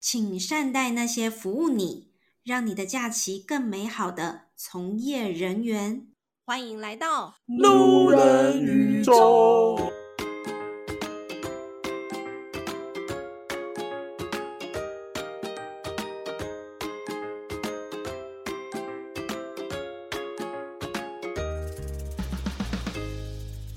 請善待那些服務你、讓你的假期更美好的從業人員。歡迎來到路人宇宙。路人宇宙。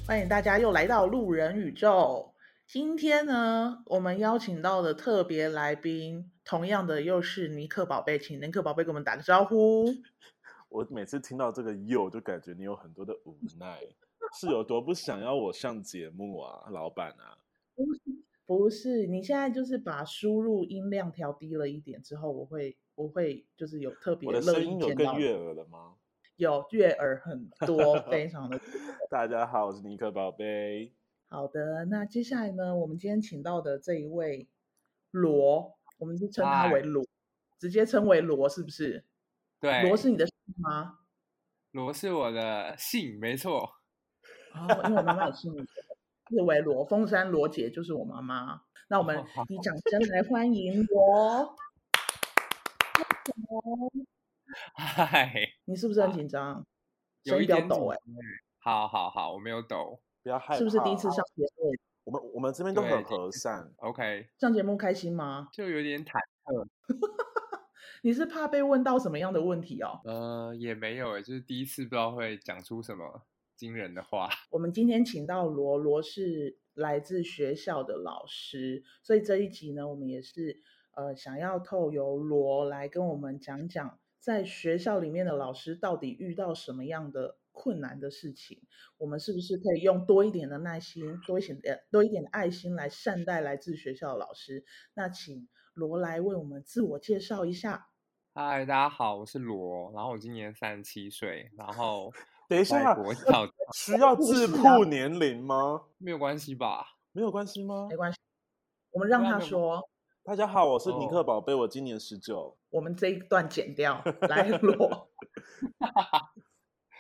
歡迎大家又來到路人宇宙。今天呢，我們邀請到的特別來賓，同樣的又是尼克寶貝，請尼克寶貝給我們打個招呼。 我每次聽到這個又，就感覺你有很多的無奈，是有多不想要我上節目啊， 老闆啊？不是，不是，你現在就是把輸入音量調低了一點之後，我會，我會就是有特別的，我的聲音有更悅耳了嗎？ 有悅耳很多，非常的。 大家好，我是尼克寶貝。好的，那接下來呢？我們今天請到的這一位羅，我們就稱他為羅，Hi. 直接稱為羅，是不是？對。羅是你的姓嗎？羅是我的姓，沒錯。啊、哦，因為我媽媽也是你的，是為羅鳳山羅姐就是我媽媽。那我們以、oh, 掌聲來歡迎羅。嗨。 Hi. 你是不是很緊張？啊欸、有一點抖哎。好好好，我沒有抖。不要害羞，是不是第一次上節目？我們我們這邊都很和善。OK，上節目開心嗎？就有點忐忑。 你是怕被問到什麼樣的問題哦？呃，也沒有欸，就是第一次不知道會講出什麼驚人的話。我們今天請到羅，羅是來自學校的老師，所以這一集呢，我們也是呃想要透過羅來跟我們講講，在學校裡面的老師到底遇到什麼樣的。困難的事情，我們是不是可以用多一點的耐心、多一點多一點的愛心來善待來自學校的老師？那請羅來為我們自我介紹一下。嗨，大家好，我是羅，然後我今年三十七歲，然後我等一下、啊，小需要自曝年齡嗎？啊、沒有關係吧？沒有關係嗎？沒關係，我們讓他說。大家好，我是尼克寶貝，我今年十九。哦、我們這一段剪掉， 來，羅。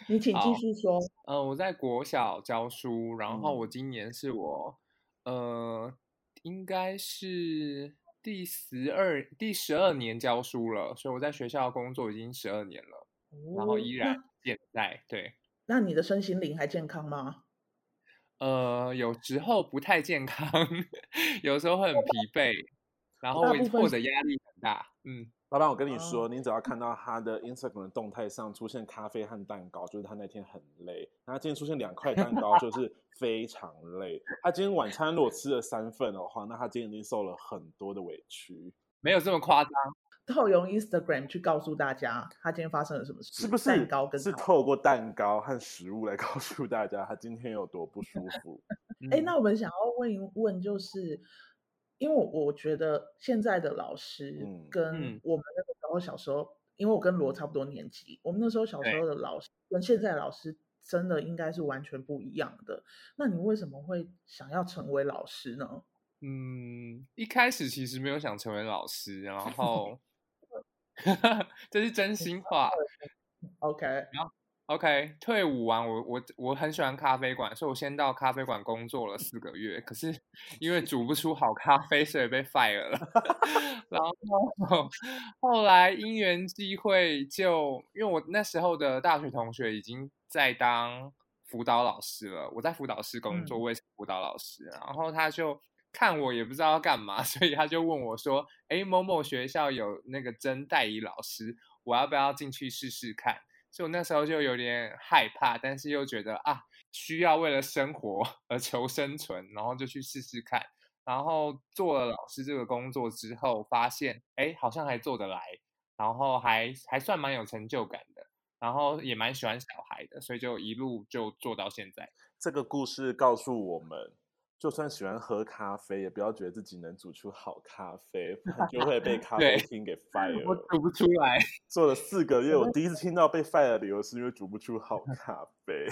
你請繼續說。嗯、呃，我在國小教書，然後我今年是我，嗯、呃，應該是第十二、第十二年教書了，所以我在學校工作已經十二年了，哦、然後依然健在。那對，那你的身心靈還健康嗎？呃，有時候不太健康， 有時候會很疲憊，然後會，或者壓力很大。嗯。老闆，我跟你說，oh. 你只要看到他的 Instagram 動態上出現咖啡和蛋糕，就是他那天很累。他今天出現兩塊蛋糕，就是非常累。他、 啊、今天晚餐如果吃了三份的話，那他今天已經受了很多的委屈。沒有這麼誇張。他用 Instagram 去告訴大家他今天發生了什麼事，是不是？蛋糕跟是透過蛋糕和食物來告訴大家他今天有多不舒服。哎、 欸，嗯、那我們想要問一問，就是。因為我，我覺得現在的老師跟我們那個時候小時候，嗯，因為我跟羅差不多年紀，我們那時候小時候的老師跟現在老師真的應該是完全不一樣的。那你為什麼會想要成為老師呢？嗯，一開始其實沒有想成為老師，然後 這是真心話。 OK。OK，退伍完，我我我很喜歡咖啡館，所以我先到咖啡館工作了四個月。 可是因為煮不出好咖啡，所以被 fire 了。 然後 然後，後來因緣際會就，就因為我那時候的大學同學已經在當輔導老師了，我在輔導室工作，我也是輔導老師。嗯、然後他就看我也不知道要幹嘛，所以他就問我說：“誒，某某學校有那個真代理老師，我要不要進去試試看？”就那時候就有點害怕，但是又覺得啊，需要為了生活而求生存，然後就去試試看。然後做了老師這個工作之後，發現哎，好像還做得來，然後還還算蠻有成就感的，然後也蠻喜歡小孩的，所以就一路就做到現在。這個故事告訴我們。就算喜歡喝咖啡，也不要覺得自己能煮出好咖啡，就會被咖啡廳給 fire。 我煮不出來。做了四個月，我第一次聽到被 fire 的理由是因為煮不出好咖啡。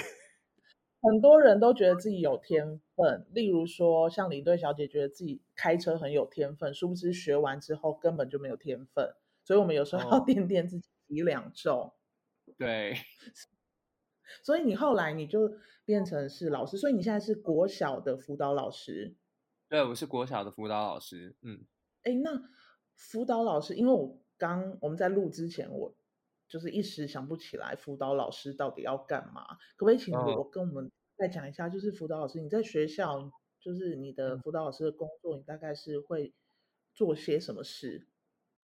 很多人都覺得自己有天分，例如說像林隊小姐覺得自己開車很有天分，殊不知學完之後根本就沒有天分。所以，我們有時候要掂掂自己幾兩重。對。所以你後來你就變成是老師，所以你現在是國小的輔導老師。對，我是國小的輔導老師。嗯，哎，那輔導老師，因為我剛我們在錄之前，我就是一時想不起來輔導老師到底要幹嘛，可不可以請我跟我們再講一下？哦，就是輔導老師，你在學校，就是你的輔導老師的工作，你大概是會做些什麼事？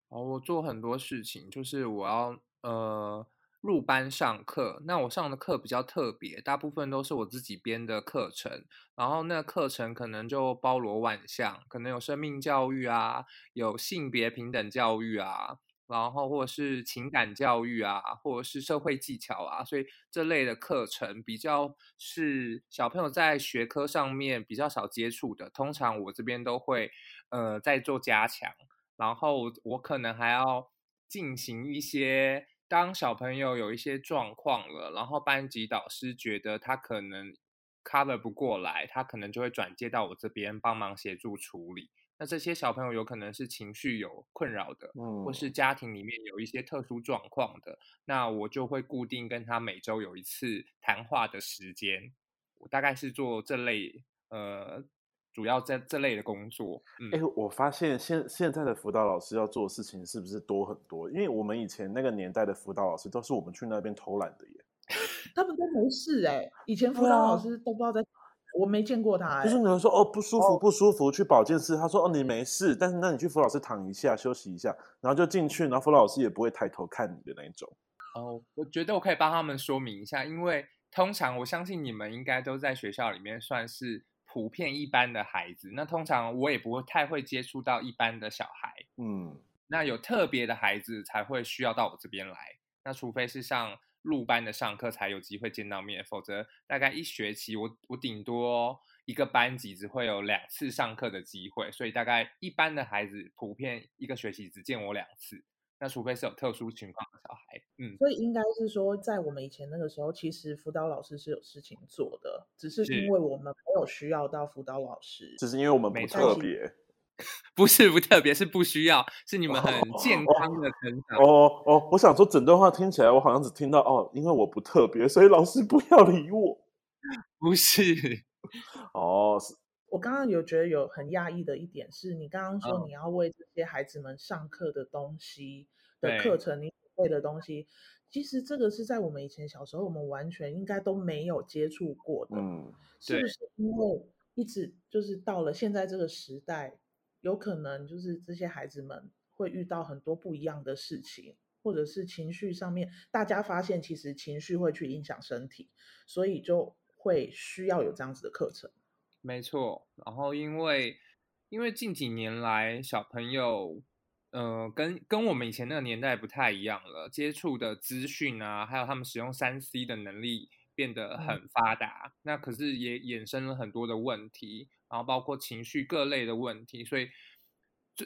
哦，我做很多事情，就是我要呃。入班上課，那我上的課比較特別，大部分都是我自己編的課程，然後那個課程可能就包羅萬象，可能有生命教育啊，有性別平等教育啊，然後或者是情感教育啊，或者是社會技巧啊，所以這類的課程比較是小朋友在學科上面比較少接觸的，通常我這邊都會呃再做加強，然後我可能還要進行一些。當小朋友有一些狀況了，然後班級導師覺得他可能 cover 不過來，他可能就會轉接到我這邊幫忙協助處理。那這些小朋友有可能是情緒有困擾的，或是家庭裡面有一些特殊狀況的，那我就會固定跟他每週有一次談話的時間。我大概是做這類，呃，主要在這類的工作，哎、嗯欸，我發現現現在的輔導老師要做的事情是不是多很多？因為我們以前那個年代的輔導老師都是我們去那邊偷懶的耶，他們都沒事哎、欸。以前輔導老師都不知道在，啊、我沒見過他哎、欸。不是你們說哦不舒服、哦、不舒服去保健室，他說哦你沒事，但是那你去輔導老師躺一下休息一下，然後就進去，然後輔導老師也不會抬頭看你的那種。哦，oh. 我覺得我可以幫他們說明一下，因為通常我相信你們應該都在學校裡面算是。普遍一般的孩子，那通常我也不會太會接觸到一般的小孩，嗯，那有特別的孩子才會需要到我這邊來，那除非是上陸班的上課才有機會見到面，否則大概一學期我我頂多一個班級只會有兩次上課的機會，所以大概一般的孩子普遍一個學期只見我兩次。那除非是有特殊情況的小孩，嗯，所以應該是說，在我們以前那個時候，其實輔導老師是有事情做的，只是因為我們沒有需要到輔導老師，嗯，只是因為我們不特別，不是不特別，是不需要，是你們很健康的成長。哦。哦哦，我想說整段話聽起來，我好像只聽到哦，因為我不特別，所以老師不要理我，不是，哦是。我剛剛有覺得有很訝異的一點是，你剛剛說你要為這些孩子們上課的東西、oh, 的課程，對你備的東西，其實這個是在我們以前小時候，我們完全應該都沒有接觸過的。嗯，是不是因為一直就是到了現在這個時代，有可能就是這些孩子們會遇到很多不一樣的事情，或者是情緒上面，大家發現其實情緒會去影響身體，所以就會需要有這樣子的課程。沒錯，然後因為因為近幾年來小朋友，呃，跟跟我們以前那個年代不太一樣了，接觸的資訊啊，還有他們使用三 C 的能力變得很發達，嗯、那可是也衍生了很多的問題，然後包括情緒各類的問題，所以，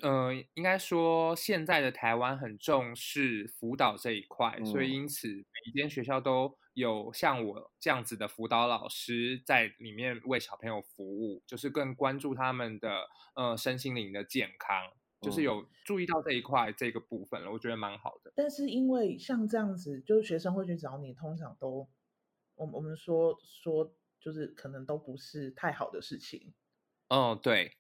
呃，應該說現在的台灣很重視輔導這一塊，嗯、所以因此每一間學校都。有像我這樣子的輔導老師在裡面為小朋友服務，就是更關注他們的呃身心靈的健康，就是有注意到這一塊、嗯、這個部分了，我覺得蠻好的。但是因為像這樣子，就是學生會去找你，通常都我們我們說說就是可能都不是太好的事情。嗯、哦，對，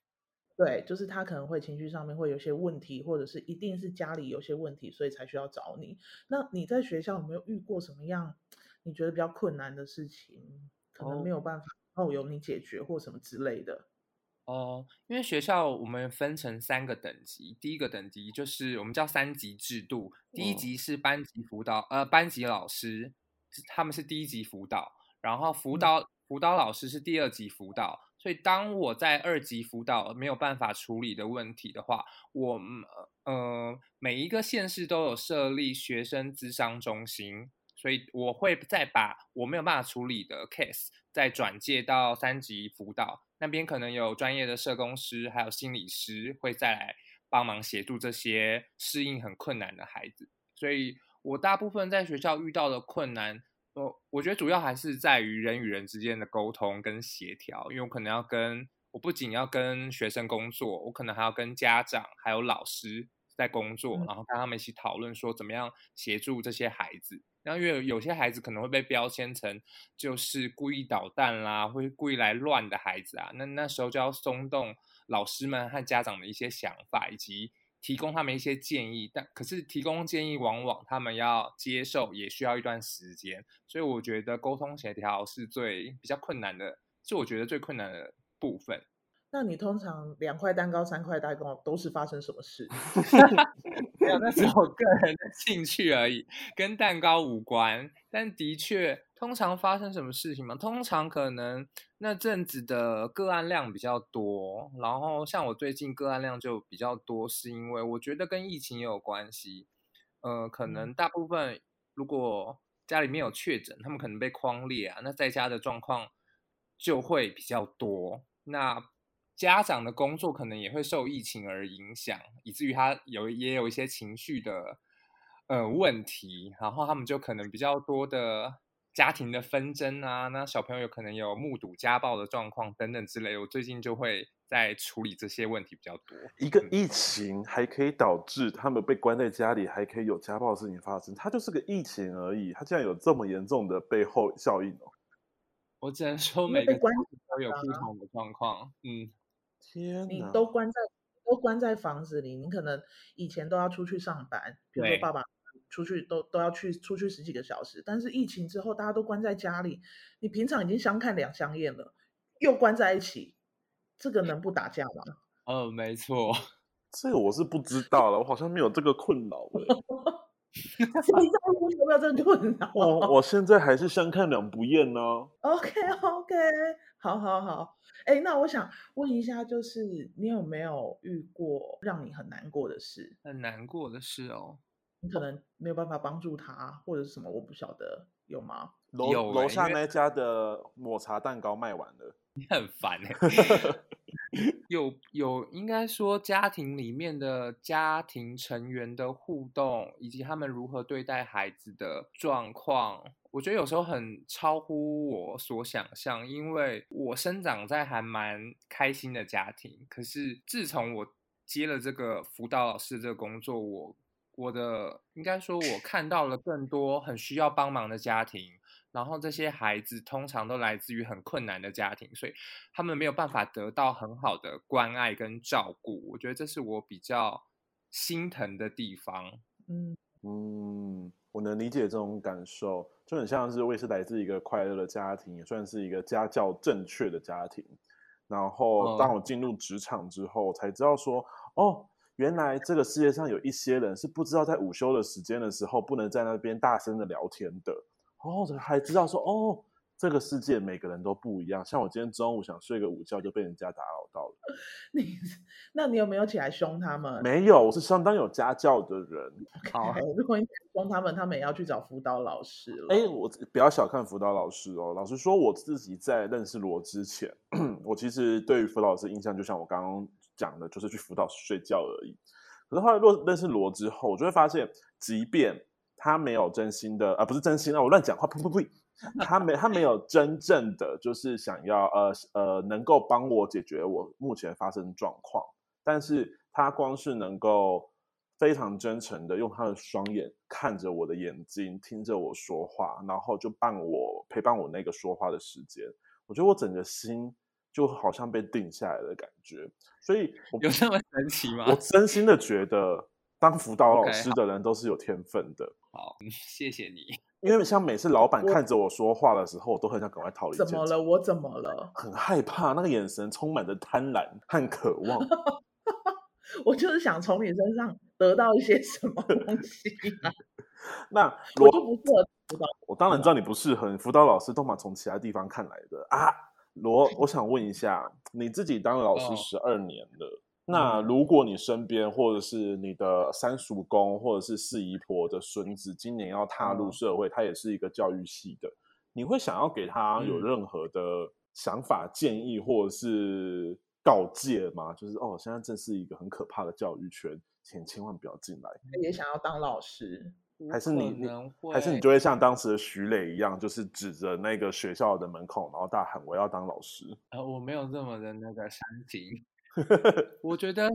對，就是他可能會情緒上面會有些問題，或者是一定是家裡有些問題，所以才需要找你。那你在學校有沒有遇過什麼樣？你覺得比較困難的事情，可能沒有辦法，然後由你解決或什麼之類的。哦，因為學校我們分成三個等級，第一個等級就是我們叫三級制度，第一級是班級輔導，哦、呃，班級老師他們是第一級輔導，然後輔導、嗯、輔導老師是第二級輔導。所以當我在二級輔導沒有辦法處理的問題的話，我呃每一個縣市都有設立學生諮商中心。所以我會再把我沒有辦法處理的 case 再轉介到三級輔導那邊，可能有專業的社工師，還有心理師會再來幫忙協助這些適應很困難的孩子。所以，我大部分在學校遇到的困難，我我覺得主要還是在於人與人之間的溝通跟協調，因為我可能要跟我不僅要跟學生工作，我可能還要跟家長，還有老師。在工作，嗯，然後跟他們一起討論說怎麼樣協助這些孩子。然後因為有些孩子可能會被標籤成就是故意搗蛋啦，會故意來亂的孩子啊，那那時候就要鬆動老師們和家長的一些想法，以及提供他們一些建議。但可是提供建議，往往他們要接受也需要一段時間，所以我覺得溝通協調是最比較困難的，是我覺得最困難的部分。那你通常兩塊蛋糕，三塊蛋糕都是發生什麼事？那是我個人的興趣而已， 跟蛋糕無關。但的確，通常發生什麼事情嘛？通常可能那陣子的個案量比較多，然後像我最近個案量就比較多，是因為我覺得跟疫情也有關係。嗯、呃，可能大部分如果家裡面有確診，嗯、他們可能被匡列啊，那在家的狀況就會比較多。那家長的工作可能也會受疫情而影響，以至於他有也有一些情緒的呃問題，然後他們就可能比較多的家庭的紛爭啊，那小朋友可能有目睹家暴的狀況等等之類。我最近就會在處理這些問題比較多。一個疫情還可以導致他們被關在家裡，還可以有家暴的事情發生，它就是個疫情而已，它竟然有這麼嚴重的背後效應哦！我只能說每個家庭都有不同的狀況，嗯。天哪，你都關在都關在房子裡，你可能以前都要出去上班，比如說爸爸出去沒都都要去出去十幾個小時，但是疫情之後大家都關在家裡，你平常已經相看兩相厭了，又關在一起，這個能不打架嗎？哦，沒錯，這個我是不知道了，我好像沒有這個困擾。你知道你有沒有這個困擾？ 我我現在還是相看兩不厭呢、啊。OK OK。好，好，好，好，好，欸，那我想問一下，就是你有沒有遇過讓你很難過的事？很難過的事哦，你可能沒有辦法幫助他，或者是什麼，我不曉得，有嗎？樓樓下那家的抹茶蛋糕賣完了，欸、你很煩呢、欸。 有有，應該說家庭裡面的家庭成員的互動，以及他們如何對待孩子的狀況。我覺得有時候很超乎我所想象因為我生長在還蠻開心的家庭。可是自從我接了這個輔導老師這個工作，我我的應該說，我看到了更多很需要幫忙的家庭。然後這些孩子通常都來自於很困難的家庭，所以他們沒有辦法得到很好的關愛跟照顧。我覺得這是我比較心疼的地方。嗯嗯。嗯我能理解這種感受，就很像是我也是來自一個快樂的家庭，也算是一個家教正確的家庭。然後，當我進入職場之後，嗯、才知道說，哦，原來這個世界上有一些人是不知道在午休的時間的時候不能在那邊大聲的聊天的。哦，還知道說，哦。這個世界每個人都不一樣，像我今天中午想睡個午覺就被人家打擾到了。你，那你有沒有起來凶他們？沒有，我是相當有家教的人。好 Okay,、啊，如果你凶他們，他們也要去找輔導老師了。誒，我不要小看輔導老師哦。老實說，我自己在認識羅之前， 我其實對於輔導老師印象就像我剛剛講的，就是去輔導室睡覺而已。可是後來若認識羅之後，我就會發現，即便他沒有真心的，而、呃、不是真心，那我亂講話，呸呸呸。 他沒，他沒有真正的就是想要，呃呃，能夠幫我解決我目前發生的狀況。但是他光是能夠非常真誠的用他的雙眼看着我的眼睛，聽着我說話，然後就伴我陪伴我那個說話的時間，我覺得我整個心就好像被定下來的感覺。所以我有這麼神奇嗎？我真心的覺得，當輔導老師的人都是有天分的。Okay, 好，好，謝謝你。因為像每次老闆看着我說話的時候，我，我都很想趕快逃離。怎麼了？我怎麼了？很害怕，那個眼神充滿着貪婪和渴望。 我就是想從你身上得到一些什麼東西 那羅就不適合輔導。我當然知道你不適合你輔導老師，都嘛從其他地方看來的啊。羅， 我想問一下，你自己當老師十二年了。哦那如果你身邊或者是你的三叔公或者是四姨婆的孫子今年要踏入社會，嗯、他也是一個教育系的，你會想要給他有任何的想法建議或者是告誡嗎？嗯、就是哦，現在正是一個很可怕的教育圈，請千萬不要進來。也想要當老師，還是你，你，還是你就會像當時的徐磊一樣，就是指着那個學校的門口，然後大喊我要當老師。呃，我沒有這麼的那個想法。 我覺得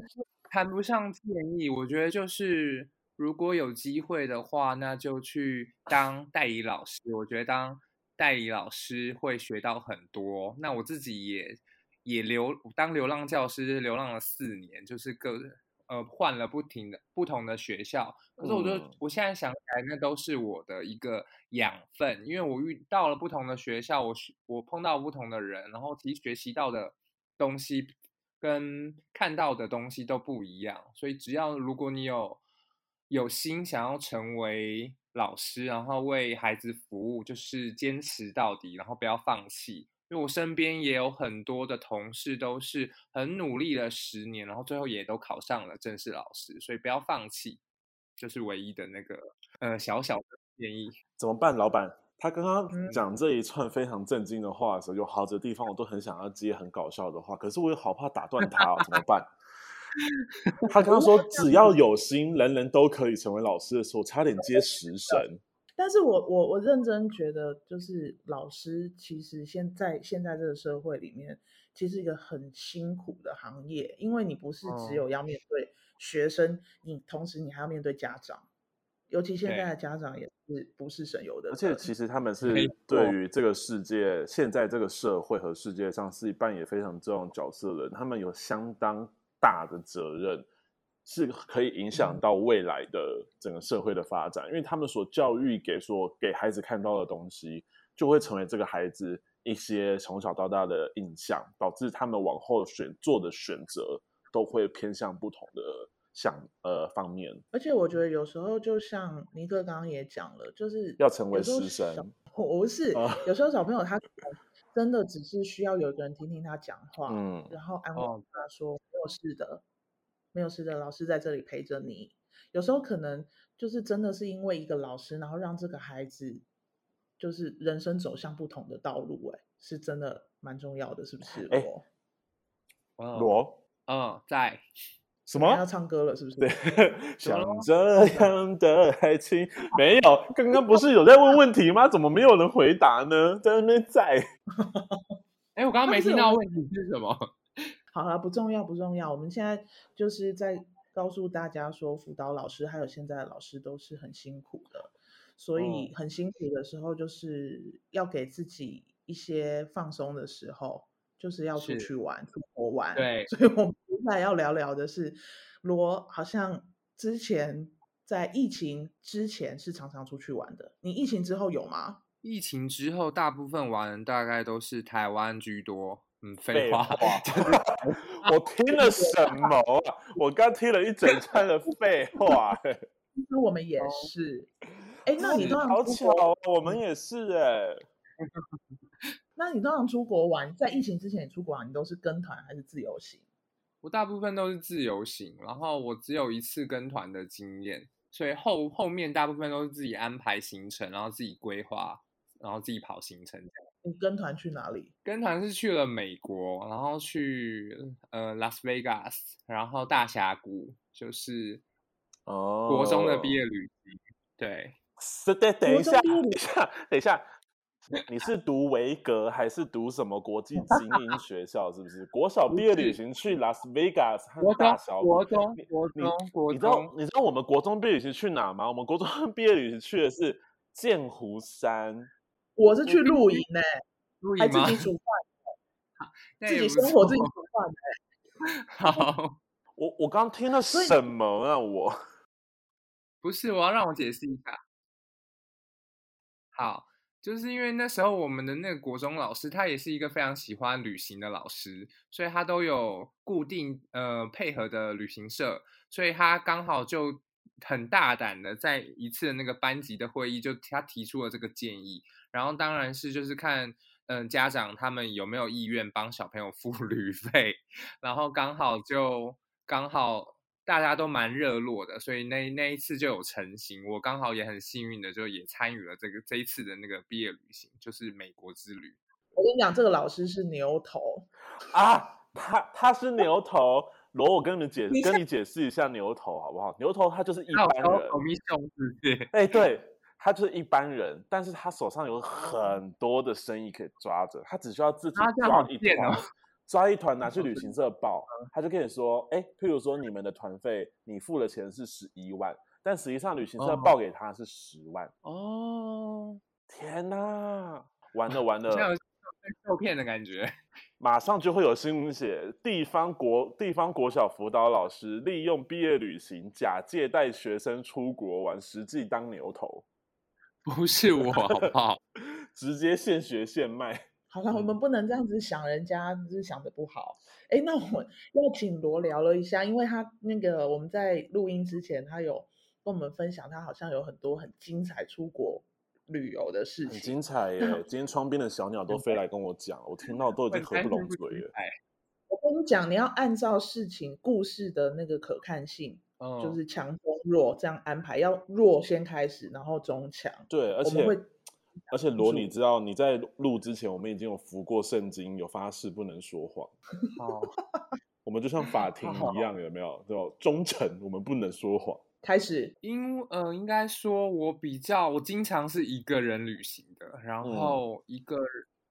談不上建議，我覺得就是如果有機會的話，那就去當代理老師。我覺得當代理老師會學到很多。那我自己也也流當流浪教師，就是、流浪了四年，就是各呃換了不停的不同的學校。可是我覺得我現在想起來，那都是我的一個養分，因為我遇到了不同的學校，我學我碰到不同的人，然後其實學習到的東西跟看到的東西都不一樣，所以只要如果你有、有心想要成為老師，然後為孩子服務，就是堅持到底，然後不要放棄。因為我身邊也有很多的同事都是很努力了十年，然後最後也都考上了正式老師，所以不要放棄，就是唯一的那個呃小小的建議。怎麼辦，老闆？他剛剛講這一串非常震驚的話的時候，嗯、有好的地方我都很想要接很搞笑的話，可是我又好怕打斷他、啊， 怎麼辦？他剛剛說、嗯、只要有心，嗯、人人都可以成為老師的時候，我、嗯、差點接食神。但是我我我認真覺得，就是老師其實現在現在這個社會裡面，其實一個很辛苦的行業，因為你不是只有要面對學生，嗯、你同時你還要面對家長。尤其現在的家長也是不是省油的。而且其實他們是對於這個世界、現在這個社會和世界上是扮演非常重要角色的，他們有相當大的責任，是可以影響到未來的整個社會的發展，因為他們所教育給說給孩子看到的東西，就會成為這個孩子一些從小到大的印象，導致他們往後選做的選擇都會偏向不同的。想呃方面，而且我覺得有時候就像尼克剛剛也講了，就是要成為師生，不是 有時候小朋友他真的只是需要有一個人聽聽他講話，嗯，然後安慰他說，哦、沒有事的，沒有事的，老師在這裡陪着你。有時候可能就是真的是因為一個老師，然後讓這個孩子就是人生走向不同的道路，欸，哎，是真的蠻重要的，是不是我？哎，羅，哦，嗯、哦，在。什麼要唱歌了？是不是？對想這樣的愛情麼沒有。剛剛不是有在問問題嗎？ 怎麼沒有人回答呢？在那邊在。哎， 我剛剛沒聽到問題是什麼？好了、啊，不重要，不重要。我們現在就是在告訴大家說，輔導老師還有現在的老師都是很辛苦的，所以很辛苦的時候，就是要給自己一些放鬆的時候，就是要出去玩，出是國玩。對，所以，我。那要聊聊的是，羅好像之前在疫情之前是常常出去玩的。你疫情之後有嗎？疫情之後，大部分玩的人大概都是台灣居多。嗯，廢話， 我聽了什麼？ 我剛聽了一整串的廢話。 其實我們也是，哎、欸，那你都 你好巧、哦， 我們也是哎、欸。 那你都常出國玩，在疫情之前你出國玩，你都是跟團還是自由行？我大部分都是自由行，然後我只有一次跟團的經驗，所以後後面大部分都是自己安排行程，然後自己規劃，然後自己跑行程。你跟團去哪裡？跟團是去了美國，然後去呃 Las Vegas，然後大峽谷，就是哦國中的畢業旅行。Oh. 對，是的，等一下，等一下，等一下。 你是讀薇閣還是讀什麼國際精英學校？是不是國小畢業旅行去拉斯維加斯？國中、國中、國中、國中，你知道中你知道我們國中畢業旅行去哪嗎？我們國中畢業旅行去的是劍湖山。我是去露營嘞、欸，露營還自己煮飯，自己生活自己煮飯。好，我我剛聽了什麼啊？以我不是，我要讓我解釋一下。好。就是因為那時候我們的那個國中老師，他也是一個非常喜歡旅行的老師，所以他都有固定呃配合的旅行社，所以他剛好就很大膽的在一次那個班級的會議，就他提出了這個建議，然後當然是就是看嗯、呃、家長他們有沒有意願幫小朋友付旅費，然後剛好就剛好。大家都蠻熱絡的，所以那那一次就有成型。我剛好也很幸運的，就也參與了這個這一次的那個畢業旅行，就是美國之旅。我跟你講，這個老師是牛頭啊，他他是牛頭羅。羅 我跟你解你是跟你解釋一下牛頭好不好？牛頭他就是一般人，對，他就是一般人，但是他手上有很多的生意可以抓着，他只需要自己抓一點抓一團拿去旅行社報，他就跟你說：“哎、欸，譬如說你們的團費，你付了錢是十一萬，但實際上旅行社報給他是十萬。”哦，天哪、啊！完了完了，像受騙的感覺。馬上就會有新聞寫：地方國地方國小輔導老師利用畢業旅行假借帶學生出國玩，實際當牛頭。不是我，好不好？ 直接現學現賣。好了，我們不能這樣子想，人家、嗯、是想得不好。哎，那我們要請羅聊了一下，因為他那個我們在錄音之前，他有跟我們分享，他好像有很多很精彩出國旅遊的事情。很精彩耶！ 今天窗邊的小鳥都飛來跟我講，嗯、我聽到都已經合不攏嘴了。哎、嗯，我跟你講，你要按照事情故事的那個可看性，嗯、就是強中弱這樣安排，要弱先開始，然後中強。對，而且。我們會而且羅，你知道你在錄之前，我們已經有服過聖經，有發誓不能說謊。好，我們就像法庭一樣，有沒有？叫忠誠，我們不能說謊。 開始，因呃，應該說，我比較，我經常是一個人旅行的。然後一個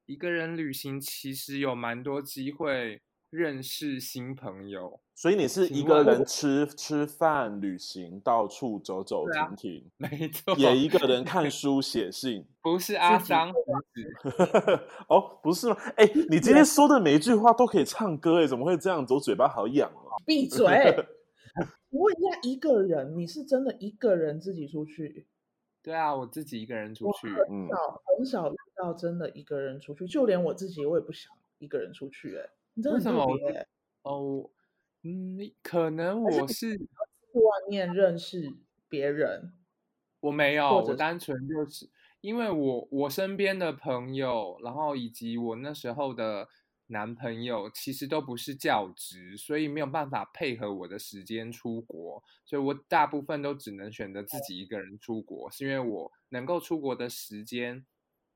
一個人旅行，其實有蠻多機會。認識新朋友，所以你是一個人吃吃飯、旅行、到處走走、走停停，啊、沒錯。也一個人看書、寫信， 不是阿桑 哦，不是嗎？哎、欸，你今天說的每一句話都可以唱歌哎，怎麼會這樣？我嘴巴好癢啊。閉嘴！我 問一下，一個人，你是真的一個人自己出去？對啊，我自己一個人出去，很少很少遇到真的一個人出去，嗯、就連我自己我也不想一個人出去哎、欸。為什麼？哦，嗯，可能我是，是，是外面認識別人，我沒有，我單純就是因為我我身邊的朋友，然後以及我那時候的男朋友，其實都不是教職，所以沒有辦法配合我的時間出國，所以我大部分都只能選擇自己一個人出國，嗯，是因為我能夠出國的時間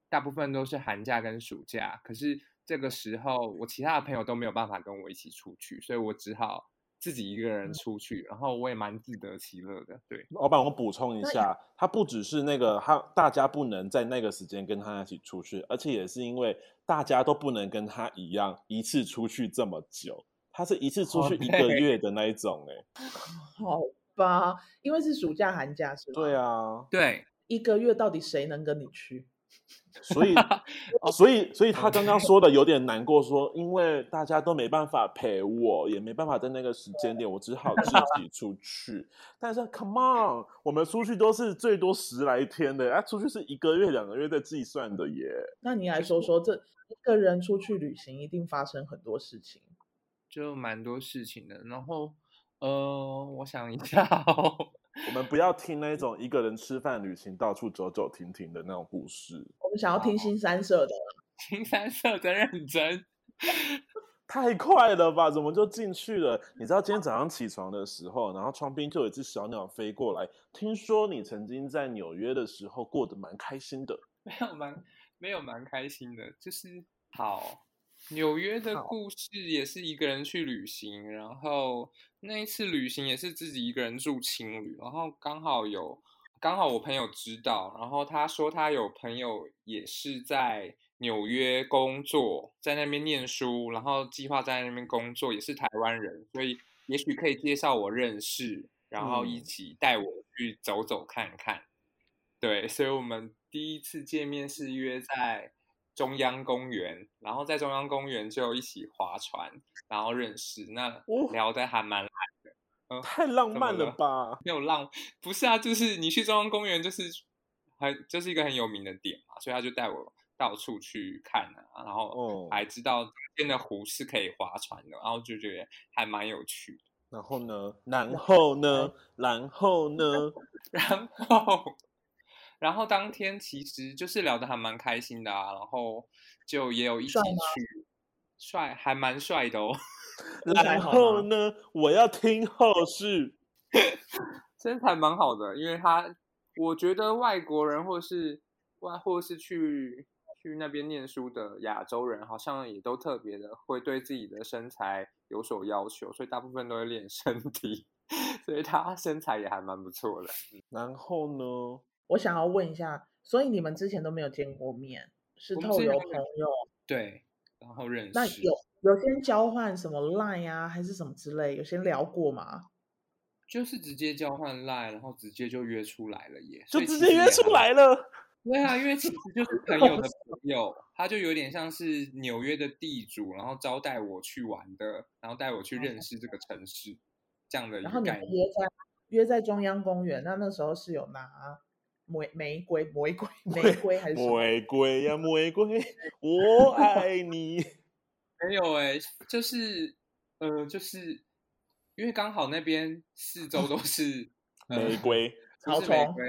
大部分都是寒假跟暑假，可是。這個時候，我其他的朋友都沒有辦法跟我一起出去，所以我只好自己一個人出去，然後我也蠻自得其樂的。對，老闆，我補充一下，他不只是那個他，大家不能在那個時間跟他一起出去，而且也是因為大家都不能跟他一樣一次出去這麼久，他是一次出去一個月的那一種，欸。哎，Okay. 好吧，因為是暑假寒假是嗎？對啊，對，一個月到底誰能跟你去？ 所以、哦，所以，所以他剛剛說的有點難過說，說 Okay. 因為大家都沒辦法陪我，也沒辦法在那個時間點，我只好自己出去。 但是，Come on，我們出去都是最多十來天的，啊、出去是一個月、兩個月在計算的耶。那你來說說，這一個人出去旅行一定發生很多事情，就蠻多事情的。然後，呃，我想一下、哦， 我們不要聽那種一個人吃飯、旅行、到處走走停停的那種故事。我想要聽《新三色的》，《wow。新三色真認真， 太快了吧？怎麼就進去了？你知道今天早上起床的時候，然後窗邊就有一隻小鳥飛過來。聽說你曾經在紐約的時候過得蠻開心的，沒有蠻沒有蠻開心的，就是好。紐約的故事也是一個人去旅行，好然後那一次旅行也是自己一個人住青旅，然後剛好有。剛好我朋友知道，然後他說他有朋友也是在紐約工作，在那邊念書，然後計劃在那邊工作，也是台灣人，所以也許可以介紹我認識，然後一起帶我去走走看看。嗯、對，所以我們第一次見面是約在中央公園，然後在中央公園就一起划船，然後認識，那聊得還蠻嗨。哦呃、太浪漫了吧？沒有浪，不是啊，就是你去中央公園，就是還就是一個很有名的點嘛，所以他就帶我到處去看啊，然後還知道這邊的湖是可以划船的，然後就覺得還蠻有趣的。然後呢？然後呢？然後呢？然後？然後，然後當天其實就是聊得還蠻開心的啊，然後就也有一起、啊、去。帥，還蠻帥的哦。 然後呢，我要聽後事， 身材蠻好的，因為他，我覺得外國人或是外或是去去那邊念書的亞洲人，好像也都特別的會對自己的身材有所要求，所以大部分都會練身體。 所以他身材也還蠻不錯的。然後呢，我想要問一下，所以你們之前都沒有見過面，是透過朋友對？然後認識，有有先交換什麼 line 啊，還是什麼之類，有先聊過嗎？就是直接交換 line，然後直接就約出來了，耶。啊、就直接約出來了。對啊，因為其實就是朋友的朋友， 他就有點像是紐約的地主，然後招待我去玩的，然後帶我去認識這個城市、啊、這樣的。然後你們約在約在中央公園，那那時候是有拿，玫玫瑰，玫瑰，玫瑰還是？玫瑰呀、啊，玫瑰， 我愛你。沒有誒、欸，就是，呃，就是因為剛好那邊四周都是、 呃、玫瑰，不是玫瑰。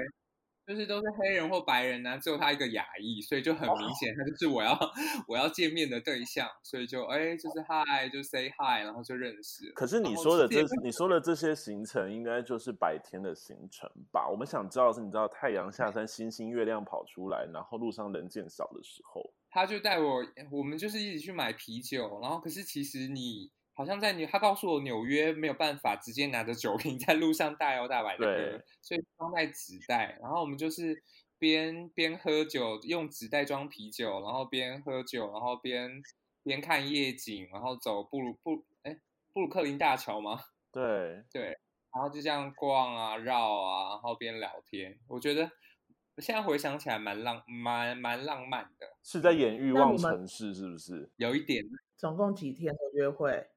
就是都是黑人或白人吶、啊，只有他一個亞裔，所以就很明顯，他就是我要、啊、 我要見面的對象，所以就哎、欸、就是嗨就 say hi，然後就認識。可是你說的這、哦、你說的這些行程應該就是白天的行程吧？我們想知道是你知道太陽下山，對星星月亮跑出來，然後路上人漸少的時候，他就帶我，我們就是一起去買啤酒，然後可是其實你。好像在紐，他告訴我紐約沒有辦法直接拿着酒瓶在路上、哦、大搖大擺的喝，對所以裝在紙袋。然後我們就是邊邊喝酒，用紙袋裝啤酒，然後邊喝酒，然後邊邊看夜景，然後走布魯布哎布魯克林大橋嗎？對對，然後就這樣逛啊繞啊，然後邊聊天。我覺得現在回想起來蠻浪蠻蠻浪漫的，是在演欲望城市是不是？有一點，總共幾天的約會？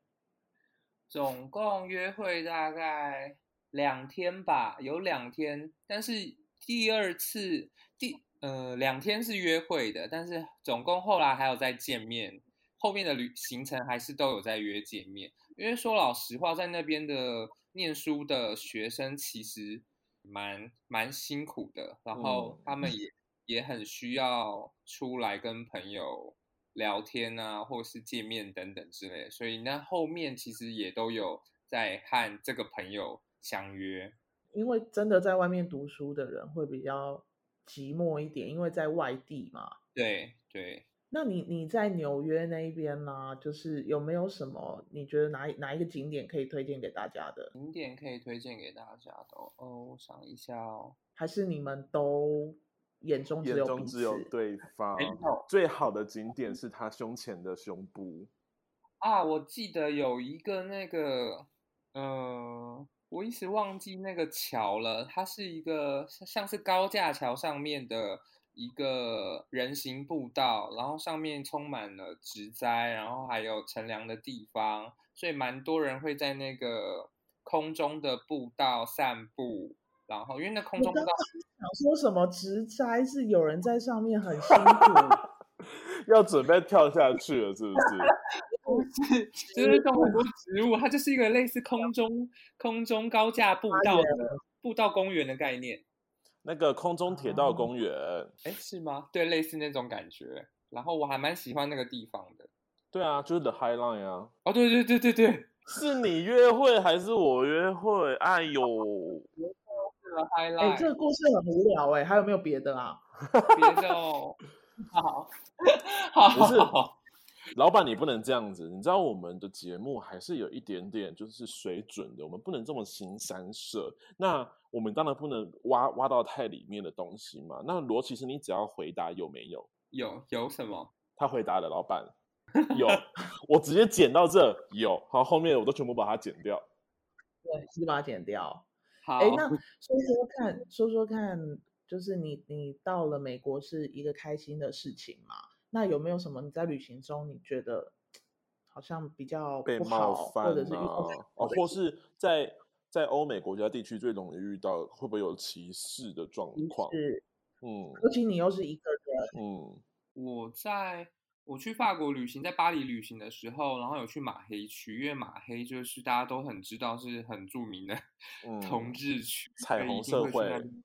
總共約會大概兩天吧，有兩天，但是第二次第呃兩天是約會的，但是總共後來還有再見面，後面的旅行程還是都有在約見面。因為說老實話，在那邊的念書的學生其實蠻蠻辛苦的，然後他們也也很需要出來跟朋友。聊天啊，或是見面等等之類，所以那後面其實也都有在和這個朋友相約。因為真的在外面讀書的人會比較寂寞一點，因為在外地嘛。對對。對，那你你在紐約那邊嗎、啊、就是有沒有什麼你覺得哪哪一個景點可以推薦給大家的？景點可以推薦給大家的？哦，我想一下哦。還是你們都？眼中，眼中只有對方。No. 最好的景點是他胸前的胸部啊！我記得有一個那個，嗯、呃，我一直忘記那個橋了。它是一個像是高架橋上面的一個人行步道，然後上面充滿了植栽，然後還有乘涼的地方，所以蠻多人會在那個空中的步道散步。然後，因為那空中步道想說什麼植栽是有人在上面很辛苦， 要準備跳下去了，是不是？不 是，就是種很多植物，它就是一個類似空中空中高架步道的，哎、呀步道公園的概念。那個空中鐵道公園，哎、啊，是嗎？對，類似那種感覺。然後我還蠻喜歡那個地方的。對啊，就是 The High Line 啊。哦，對對對對對，是你約會還是我約會？哎呦！哎、欸，這個故事很無聊，哎、欸，還有沒有別的啊？別的哦，好好，可是 老闆，你不能這樣子。你知道我們的節目還是有一點點就是水準的，我們不能這麼腥羶色。那我們當然不能挖挖到太裡面的東西嘛。那羅，其實你只要回答有沒有，有有什麼？他回答了，老闆，有， 我直接剪到這有，好，後面我都全部把它剪掉。對，是把它剪掉。哎好，那說說看，說說看，就是你你到了美國是一個開心的事情嘛？那有沒有什麼你在旅行中你覺得好像比較不好，被冒犯啊、或者是遇到哦、啊，或是在在歐美國家地區最容易遇到會不會有歧視的狀況？是，嗯，而且你又是一個人，嗯，我在。我去法國旅行，在巴黎旅行的時候，然後有去馬黑區，因為馬黑就是大家都很知道是很著名的同志區，嗯、彩虹社會，所以一定會去那裡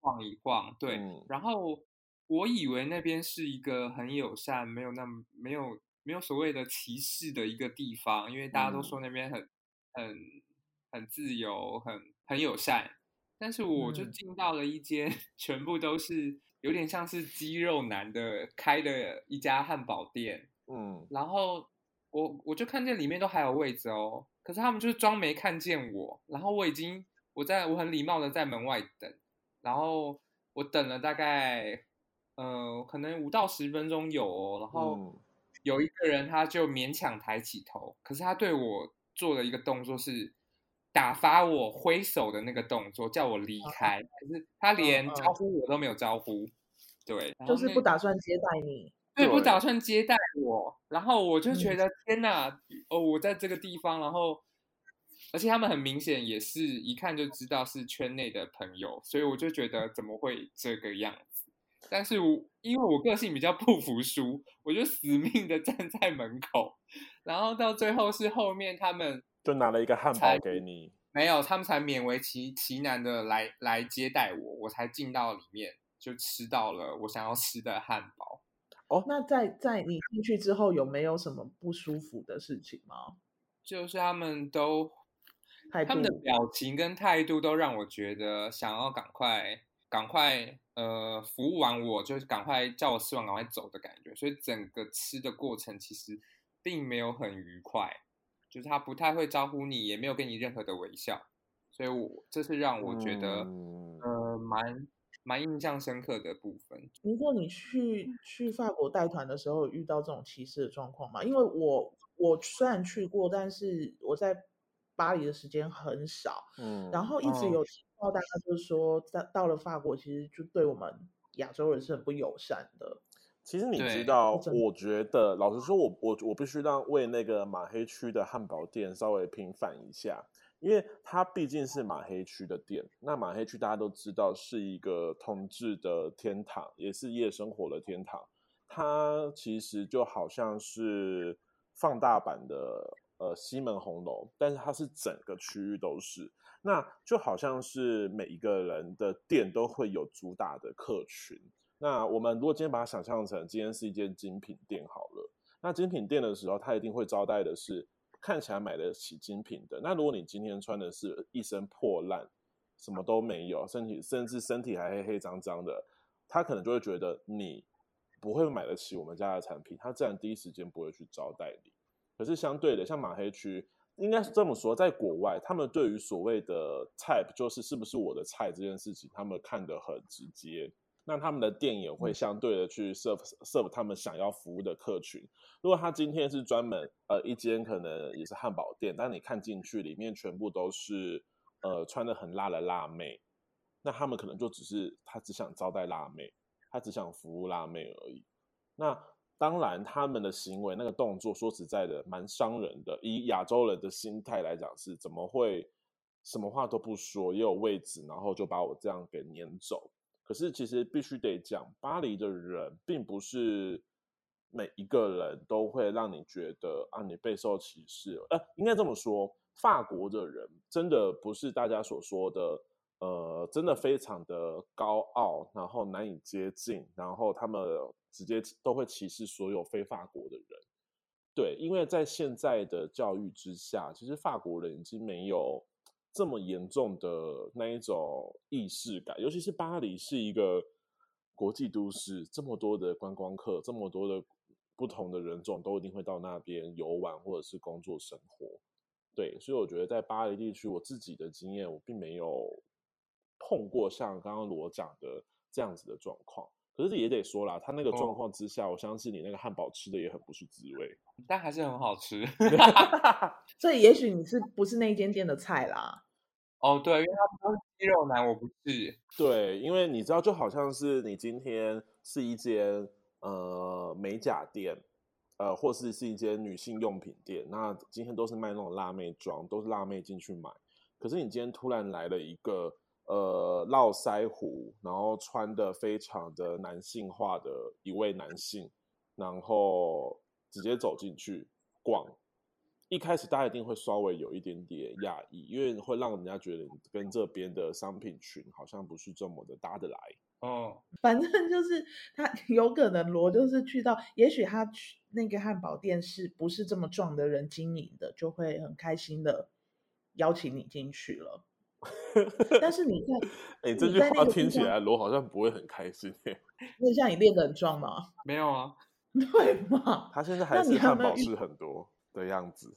逛一逛。對，嗯、然後我以為那邊是一個很友善、沒有那麼沒有沒有所謂的歧視的一個地方，因為大家都說那邊很很很自由、很很友善。但是我就進到了一間，嗯，全部都是有點像是肌肉男的開的一家漢堡店，嗯，然後我我就看見裡面都還有位置哦，可是他們就是裝沒看見我，然後我已經我在我很禮貌的在門外等，然後我等了大概呃可能五到十分鐘有哦，然後有一個人他就勉強抬起頭，可是他對我做的一個動作是。打發我揮手的那個動作，叫我離開，可、啊、是他連招呼我都沒有招呼，啊、對，就是不打算接待你，對，對，不打算接待我。對然後我就覺得、嗯、天哪，哦，我在這個地方，然後而且他們很明顯也是，一看就知道是圈內的朋友，所以我就覺得怎麼會這個樣子？但是我因為我個性比較不服輸，我就死命的站在門口，然後到最後是後面他們。就拿了一個漢堡給你，沒有，他們才勉為其，其難的來來接待我，我才進到裡面就吃到了我想要吃的漢堡。哦，那在在你進去之後有沒有什麼不舒服的事情嗎？就是他們都他們的表情跟態度都讓我覺得想要趕快趕快呃服務完，我就是趕快叫我吃完趕快走的感覺，所以整個吃的過程其實並沒有很愉快。就是他不太會招呼你，也沒有給你任何的微笑，所以我這是讓我覺得，嗯、呃，蠻蠻印象深刻的部分。不過你去去法國帶團的時候遇到這種歧視的狀況嗎？因為我我雖然去過，但是我在巴黎的時間很少，嗯，然後一直有聽到大家就是說，到、嗯、到了法國其實就對我們亞洲人是很不友善的。其實你知道，我覺得老實說我，我我我必須讓為那個馬黑區的漢堡店稍微平反一下，因為它畢竟是馬黑區的店。那馬黑區大家都知道是一個同志的天堂，也是夜生活的天堂。它其實就好像是放大版的呃西門紅樓，但是它是整個區域都是。那就好像是每一個人的店都會有主打的客群。那我們如果今天把它想象成今天是一間精品店好了，那精品店的時候，他一定會招待的是看起來買得起精品的。那如果你今天穿的是一身破爛，什麼都沒有，身體，甚至身體還黑黑髒髒的，他可能就會覺得你不會買得起我們家的產品，他自然第一時間不會去招待你。可是相對的，像馬黑區，應該是這麼說，在國外，他們對於所謂的菜，就是是不是我的菜這件事情，他們看得很直接。那他們的店也會相對的去 serve serve 他們想要服務的客群。如果他今天是專門呃一間可能也是漢堡店，但你看進去裡面全部都是呃穿得很辣的辣妹，那他們可能就只是他只想招待辣妹，他只想服務辣妹而已。那當然他們的行為那個動作，說實在的，蠻傷人的。以亞洲人的心態來講，是怎麼會什麼話都不說，也有位置，然後就把我這樣給攆走。可是，其實必須得講，巴黎的人並不是每一個人都會讓你覺得啊，你備受歧視。呃，應該這麼說，法國的人真的不是大家所說的，呃，真的非常的高傲，然後難以接近，然後他們直接都會歧視所有非法國的人。對，因為在現在的教育之下，其實法國人已經沒有。這麼嚴重的那一種意識感，尤其是巴黎是一個國際都市，這麼多的觀光客，這麼多的不同的人種，都一定會到那邊遊玩或者是工作生活。對，所以我覺得在巴黎地區，我自己的經驗，我並沒有碰過像剛剛羅講的這樣子的狀況。可是也得說啦，他那個狀況之下，哦、我相信你那個漢堡吃的也很不是滋味。但還是很好吃， 所以也許你是不是那間店的菜啦？哦，oh, 對，因為他不是肌肉男，我不是。對，因為你知道，就好像是你今天是一間呃美甲店，呃，或是是一間女性用品店，那今天都是賣那種辣妹裝，都是辣妹進去買。可是你今天突然來了一個呃絡腮鬍，然後穿的非常的男性化的一位男性，然後。直接走進去逛，一開始大家一定會稍微有一點點訝異，因為會讓人家覺得你跟這邊的商品群好像不是這麼的搭得來。哦，反正就是他有可能羅就是去到，也許他去那個漢堡店是不是這麼壯的人經營的，就會很開心的邀請你進去了。 但是你看哎、欸，這句話聽起來羅好像不會很開心。那像你練得很壯嗎？沒有啊。對嘛？他現在還是漢保持很多的樣子。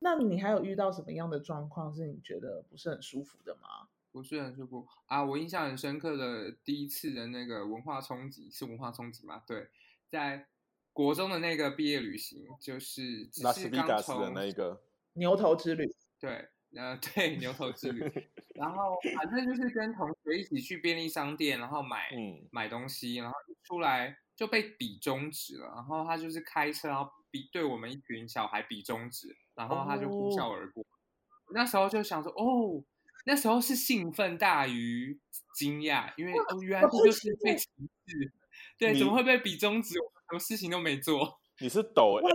那你還有遇到什麼樣的狀況是你覺得不是很舒服的嗎？不是很舒服啊！我印象很深刻的第一次的那個文化衝擊是文化衝擊嗎？對，在國中的那個畢業旅行，就是拉斯維加斯的那個牛頭之旅。對，呃，對，牛頭之旅。 然後反正就是跟同學一起去便利商店，然後買、嗯、買東西，然後出來。就被比中指了，然後他就是開車，然後比對我們一群小孩比中指，然後他就呼嘯而過。哦、那時候就想說，哦，那時候是興奮大於驚訝，因為哦原來就是被歧、哦、對，怎麼會被比中指？你我什麼事情都沒做。你是抖 M 嗎？哇，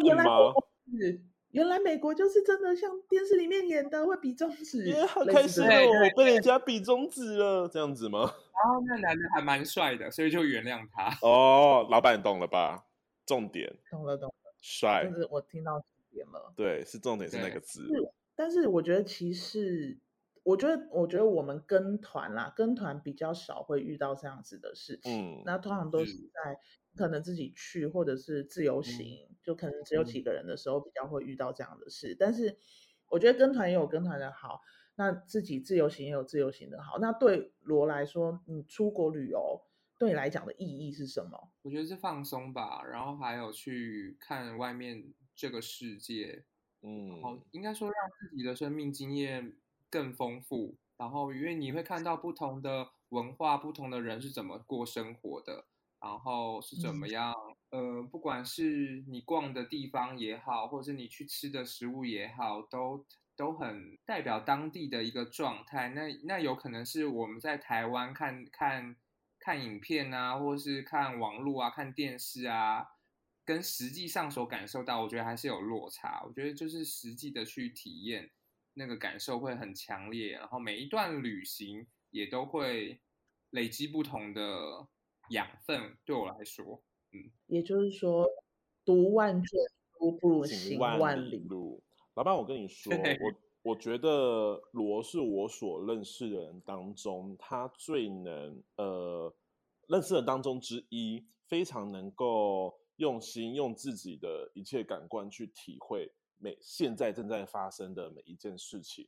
原來是，原來美國就是真的像電視裡面演的會比中指，因為、yeah, 開心哦，我被人家比中指了，嗯、這樣子嗎？哦，那男的還蠻帥的，所以就原諒他哦。老板，懂了吧？重點，懂了懂了。帥帥，就是我聽到重點了。對，是重點是那個字。對是，但是我覺得其實，我覺得，我覺得我們跟團啦，跟團比較少會遇到這樣子的事情。嗯。那通常都是在、嗯、可能自己去或者是自由行，嗯、就可能只有幾個人的時候，比較會遇到這樣的事。嗯、但是我覺得跟團也有跟團的好。那自己自由行也有自由行的好。那對羅來說，你、嗯、出國旅遊對你來講的意義是什麼？我覺得是放鬆吧，然後還有去看外面這個世界，嗯，然後應該說讓自己的生命經驗更豐富。然後因為你會看到不同的文化，不同的人是怎麼過生活的，然後是怎麼樣，嗯、呃，不管是你逛的地方也好，或者是你去吃的食物也好，都。都很代表當地的一個狀態，那那有可能是我們在台灣看看看影片啊，或是看網絡啊、看電視啊，跟實際上所感受到，我覺得還是有落差。我覺得就是實際的去體驗那個感受會很強烈，然後每一段旅行也都會累積不同的養分。對我來說，嗯，也就是說，讀萬卷書不如行萬里路。老闆，我跟你說，我我覺得羅是我所認識的人當中，他最能呃，認識的當中之一，非常能夠用心，用自己的一切感官去體會每現在正在發生的每一件事情。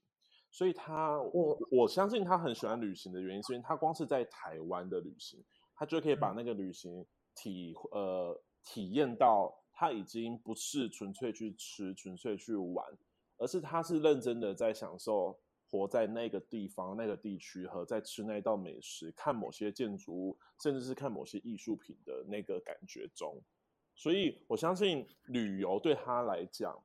所以他，他我我相信他很喜歡旅行的原因，是因為他光是在台灣的旅行，他就可以把那個旅行體呃體驗到。他已經不是純粹去吃、純粹去玩，而是他是認真的在享受活在那個地方、那個地區和在吃那一道美食、看某些建築物，甚至是看某些藝術品的那個感覺中。所以，我相信旅遊對他來講，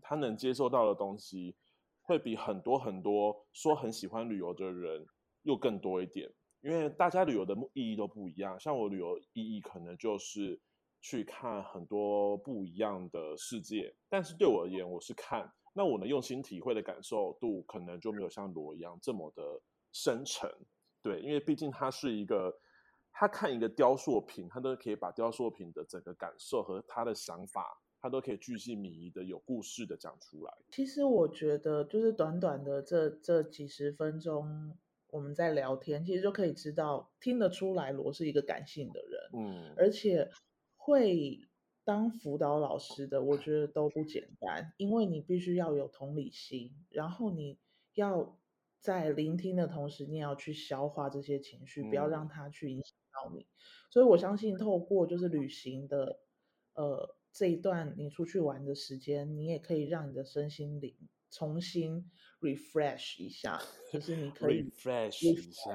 他能接受到的東西會比很多很多說很喜歡旅遊的人又更多一點。因為大家旅遊的意義都不一樣，像我旅遊意義可能就是。去看很多不一樣的世界，但是對我而言，我是看那我能用心體會的感受度，可能就沒有像羅一樣這麼的深沉。對，因為畢竟他是一個，他看一個雕塑品，他都可以把雕塑品的整個感受和他的想法，他都可以巨細靡遺的有故事的講出來。其實我覺得，就是短短的這這幾十分鐘我們在聊天，其實就可以知道聽得出來，羅是一個感性的人，嗯，而且。會當輔導老師的，我覺得都不簡單，因為你必須要有同理心，然後你要在聆聽的同時，你也要去消化這些情緒，不要讓它去影響到你。嗯。所以我相信，透過就是旅行的，呃，這一段你出去玩的時間，你也可以讓你的身心靈重新 refresh 一下，就是你可以 refresh 一下，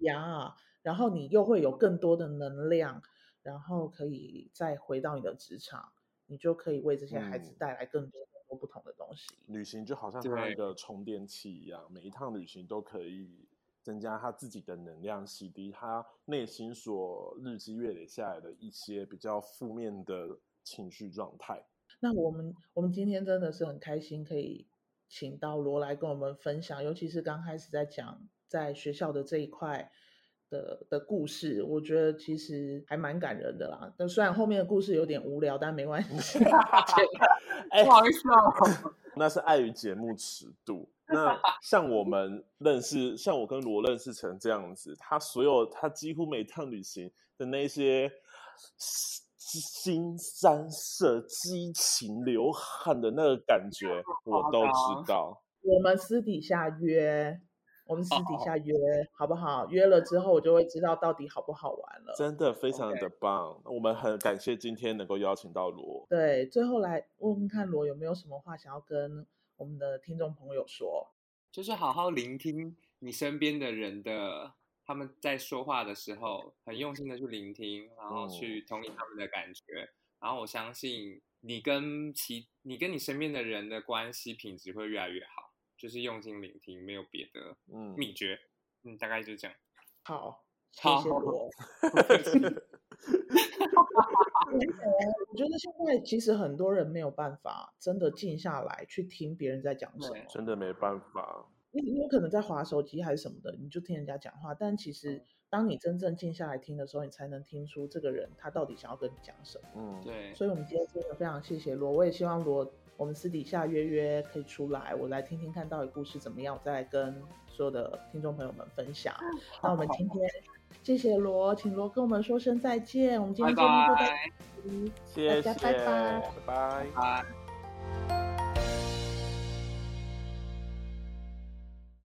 呀， yeah, 然後你又會有更多的能量。然後可以再回到你的職場，你就可以為這些孩子帶來更多更多不同的東西。嗯，旅行就好像他一個充電器一樣，對每一趟旅行都可以增加他自己的能量，洗滌他內心所日積月累下來的一些比較負面的情緒狀態。那我們我們今天真的是很開心，可以請到羅來跟我們分享，尤其是剛開始在講在學校的這一塊。的的故事，我覺得其實還蠻感人的啦。但雖然後面的故事有點無聊，但沒關係。不好意思哦， 那是礙於節目尺度。那像我們認識， 像我跟羅認識成這樣子，他所有他幾乎每趟旅行的那些心心酸澀、激情流汗的那個感覺，我都知道。我們私底下約。我們私底下約、oh. 好不好？約了之後，我就會知道到底好不好玩了。真的非常的棒，Okay. 我們很感謝今天能夠邀請到羅。對，最後來問問看羅有沒有什麼話想要跟我們的聽眾朋友說？就是好好聆聽你身邊的人的，他們在說話的時候，很用心的去聆聽，然後去同意他們的感覺。嗯、然後我相信你跟其你跟你身邊的人的關係品質會越來越好。就是用心聆聽，沒有別的秘訣。嗯，嗯，大概就這樣。好，謝謝羅。我覺得現在其實很多人沒有辦法真的靜下來去聽別人在講什麼，真的沒辦法。你你有可能在滑手機還是什麼的，你就聽人家講話。但其實當你真正靜下來聽的時候，你才能聽出這個人他到底想要跟你講什麼。嗯，對。所以我們今天真的非常謝謝羅，我也希望羅。我們私底下約約可以出來，我來聽聽看到底故事怎麼樣，我再來跟所有的聽眾朋友們分享。 那我們今天謝謝羅，請羅跟我們說聲再見。我們今天節目就到這裡，謝 bye 大家，拜拜，謝謝，拜拜，拜。